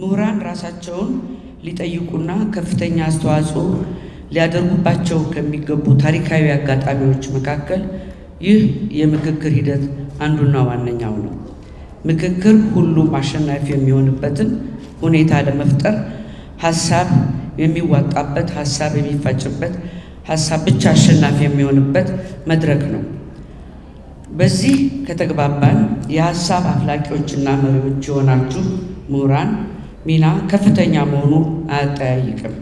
ምሁራን ራሳቸውን ሊጠይቁና ከፍተኛ አስተዋጽኦ ሊያደርጉባቸው ከሚገቡ ታሪካዊ አጋጣሚዎች መካከል ይህ የምክክር ሂደት አንዱና ዋነኛው ነው። ምክክር ሁሉም አሸናፊ የሚሆንበትን ሁኔታ ለመፍጠር ሀሳብ የሚዋጣበት፣ ሀሳብ የሚፋጭበት፣ ሀሳብ ብቻ አሸናፊ የሚሆንበት መድረክ ነው። በዚህ ከተግባባን የሀሳብ አፍላቂዎችና መሪዎች የሆናችሁ ምሁራን ሚና ከፍተኛ መሆኑ አያጠያይቅም።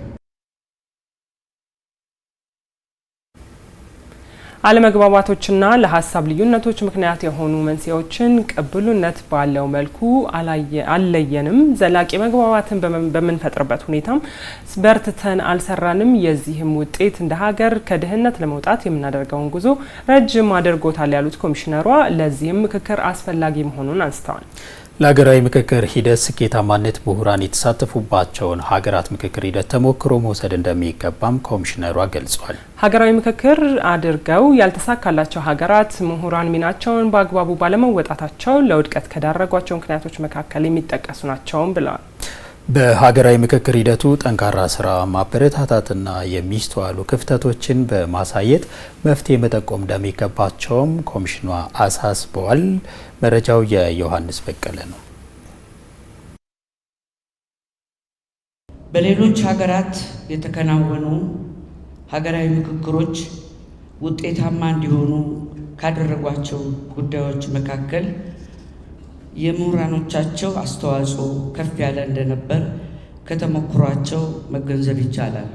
አለመግባባቶችና ለሀሳብ ልዩነቶች ምክንያት የሆኑ መንስኤዎችን ቅብሉነት ባለው መልኩ አልለየንም። ዘላቂ መግባባትን በምንፈጥርበት ሁኔታም በርትተን አልሰራንም። የዚህም ውጤት እንደ ሀገር ከድህነት ለመውጣት የምናደርገውን ጉዞ ረጅም አድርጎታል ያሉት ኮሚሽነሯ፣ ለዚህም ምክክር አስፈላጊ መሆኑን አንስተዋል። ለሀገራዊ ምክክር ሂደት ስኬታማነት ምሁራን የተሳተፉባቸውን ሀገራት ምክክር ሂደት ተሞክሮ መውሰድ እንደሚገባም ኮሚሽነሯ ገልጿል። ሀገራዊ ምክክር አድርገው ያልተሳካላቸው ሀገራት ምሁራን ሚናቸውን በአግባቡ ባለመወጣታቸው ለውድቀት ከዳረጓቸው ምክንያቶች መካከል የሚጠቀሱ ናቸውም ብለዋል። በሀገራዊ ምክክር ሂደቱ ጠንካራ ስራ ማበረታታትና የሚስተዋሉ ክፍተቶችን በማሳየት መፍትሄ መጠቆም እንደሚገባቸውም ኮሚሽኗ አሳስበዋል። መረጃው የዮሐንስ በቀለ ነው። በሌሎች ሀገራት የተከናወኑ ሀገራዊ ምክክሮች ውጤታማ እንዲሆኑ ካደረጓቸው ጉዳዮች መካከል የምሁራኖቻቸው አስተዋጽኦ ከፍ ያለ እንደነበር ከተሞክሯቸው መገንዘብ ይቻላል።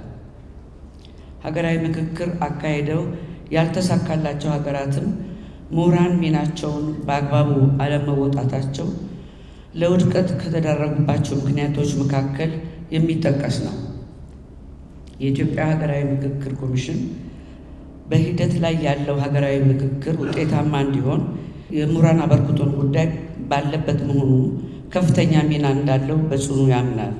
ሀገራዊ ምክክር አካሄደው ያልተሳካላቸው ሀገራትም ምሁራን ሚናቸውን በአግባቡ አለመወጣታቸው ለውድቀት ከተዳረጉባቸው ምክንያቶች መካከል የሚጠቀስ ነው። የኢትዮጵያ ሀገራዊ ምክክር ኮሚሽን በሂደት ላይ ያለው ሀገራዊ ምክክር ውጤታማ እንዲሆን የምሁራን አበርክቶን ጉዳይ ባለበት መሆኑ ከፍተኛ ሚና እንዳለው በጽኑ ያምናል።